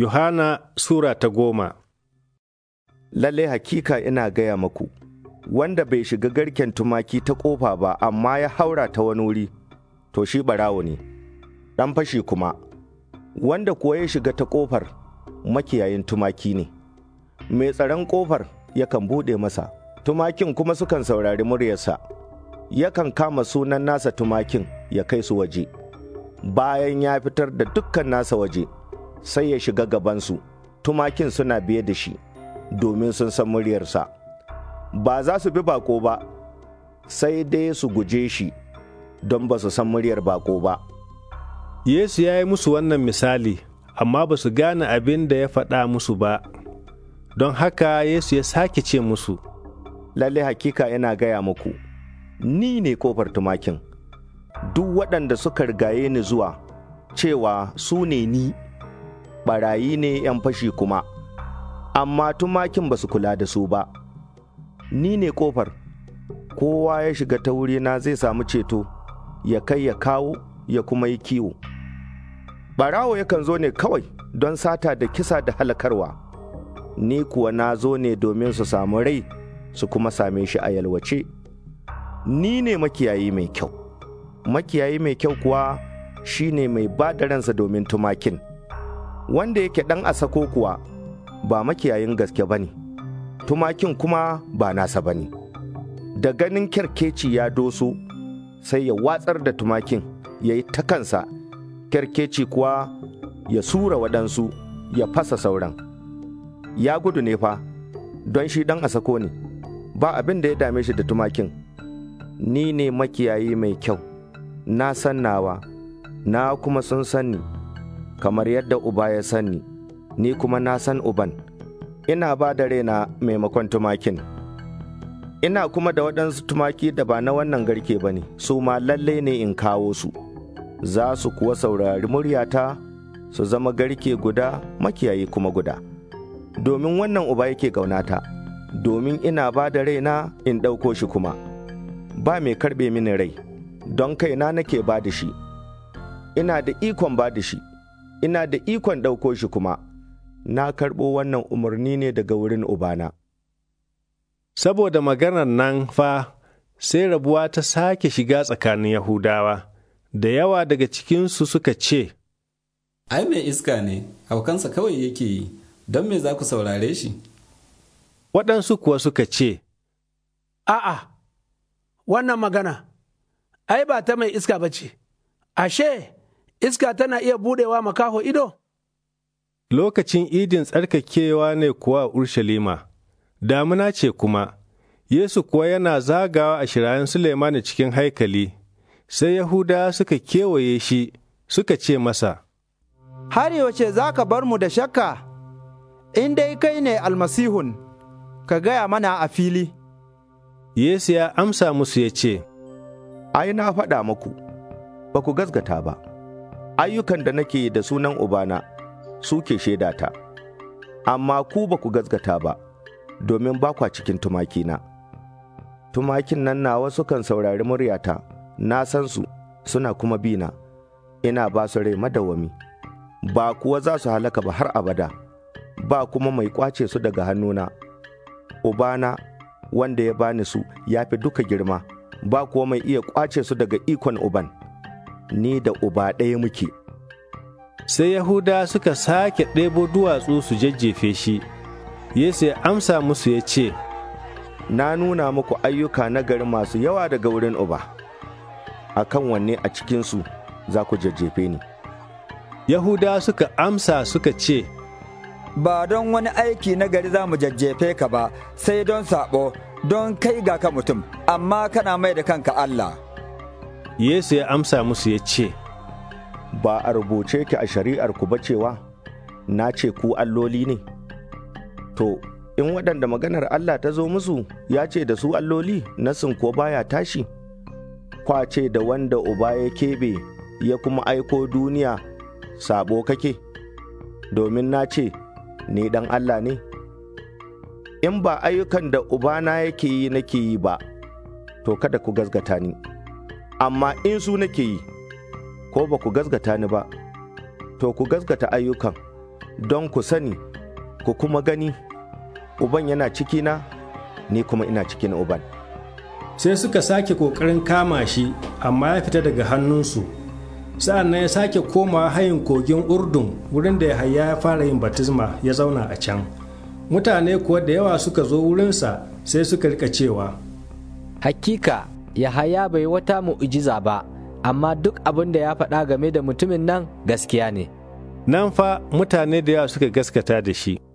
Yohana Sura ta goma Lalle hakika ina gaya maku, wanda bai shiga garken tumaki ta ƙofa ba amma ya haura ta wani wuri, to shi ɓarawo ne, ɗan fashi kuma, wanda kuwa ya shiga ta ƙofar makiyayin tumaki ne. Mai tsaron ƙofar yakan buɗe masa, tumakin kuma sukan saurari muryarsa, yakan kama sunan nasa tumakin ya kai su waje, bayan ya fitar da dukkan nasa waje. sai ya shiga gabansu, tumakin suna biye da shi, domin sun san muryarsa. Ba za su bi bako ba, sai dai su guje shi, don ba su san muryar bako ba. Yesu ya yi musu wannan misali, amma ba su gane abin da ya faɗa musu ba, don haka Yesu ya sake ce musu. Lalle hakika yana gaya muku, ni ne kofar tumakin, duk waɗanda suka rigaye ni zuwa, cewa su ne ni. Barayi ne ‘yan fashi kuma, amma tumakin ba su kula da su ba. Ni ne kofar, kowa ya shiga ta wurina zai samu ceto, ya kai ya kawo ya kuma yi kiwo. Ɓarawo yakan zo ne kawai don sata da kisa da halakarwa, ni kuwa na zo ne domin su samu rai su kuma same shi a yalwace. Ni ne makiyayi mai kyau, makiyayi mai kyau kuwa shi ne mai ba da ransa domin tumakin. wanda yake ɗan asako kuwa ba makiyayin gaske ba ne, tumakin kuma ba nasa ba ne. Da ganin kyarkeci ya doso, sai ya watsar da tumakin ya yi ta kansa, kyarkeci kuwa ya sura waɗansu ya fasa sauran. Ya gudu ne fa, don shi ɗan asako ne, ba abin da ya dame shi da tumakin. Ni ne makiyayi mai kyau, na san nawa, na kuma sun sani. kamar yadda uba ya sani, ni kuma na san uban, ina ba da raina maimakon tumakin. Ina kuma da waɗansu tumaki da ba na wannan garke ba ne, su ma lalle ne in kawo su, za su kuwa saurari muryata su zama garke guda makiyayi kuma guda. Domin wannan uba yake gaunata, domin ina ba da raina in ɗauko shi kuma, ba mai karɓe mini rai, don kaina nake ba da shi, ina da ikon ba da shi. ina da ikon ɗauko shi kuma, na karɓo wannan umarni ne daga wurin Ubana. Saboda maganar nan fa, sai rabuwa ta sake shiga tsakanin Yahudawa, da yawa daga cikinsu suka ce, Ai mai iska ne, haukansa kawai yake yi, don me za ku saurare shi? Waɗansu kuwa suka ce, A'a, wannan magana, ai ba ta mai iska ba ce, ashe, iska tana iya buɗewa makaho ido? Lokacin idin tsarkakewa ne kuwa Urshalima, damuna ce kuma, Yesu kuwa yana zagawa a shirayen suleiman cikin haikali, sai Yahuda suka kewaye shi suka ce masa, Har yaushe za ka bar mu da shakka, in dai kai ne almasihun, ka gaya mana a fili. Yesu ya amsa musu ya ce, Ai, na faɗa muku, ba ku gasgata ba. ayyukan da nake da sunan Ubana suke shaida ta, amma ku ba ku gazgata ba, domin ba kwa cikin tumakina. Tumakin nan nawa sukan saurari muryata, na san su suna kuma bina, ina ba su rai madawami, ba kuwa za su halaka ba har abada, ba kuma mai kwace su daga hannuna. Ubana wanda ya bani su ya fi duka girma, ba kuwa mai iya kwace su daga ikon uban. ni da uba ɗaya muke. Sai Yahuda suka sake ɗebo duwatsu su jajjefe shi, Yesu ya amsa musu ya ce, Na nuna muku ayyuka nagari masu yawa daga wurin uba, a kan wanne a cikinsu za ku jajjefe ni. Yahuda suka amsa suka ce, Ba don wani aiki na gari za mu jajjefe ka ba, sai don saɓo, don kai ga ka mutum, amma kana mai da kanka Allah. Yesu ya amsa musu ya ce, Ba a rubuce ki a shari'ar ku ba cewa, na ce ku alloli ne. To, in waɗanda maganar Allah ta zo musu ya ce da su alloli nasin ko baya tashi, kwace da wanda uba ya keɓe ya kuma aiko duniya sabo kake, domin na ce, ni ɗan Allah ne. In ba ayyukan da Uba na yake yi nake yi ba, to kada ku gazgata ni. amma in su nake yi ko ba ku gasgata ni ba to ku gasgata ayyukan don ku sani ku kuma gani uban yana cikina ni kuma ina cikin uban sai suka sake kokarin kama shi amma ya fita daga hannunsu sa'an nan ya sake komawa hayin kogin urdun wurin da ya yahaya ya fara yin batizma ya zauna a can mutane kuwa da yawa suka zo wurinsa sai suka rika cewa hakika Yahaya bai wata mu'ujiza ba, amma duk abin da ya faɗa game da mutumin nan gaskiya ne. Nan fa mutane da yawa suka gaskata da shi.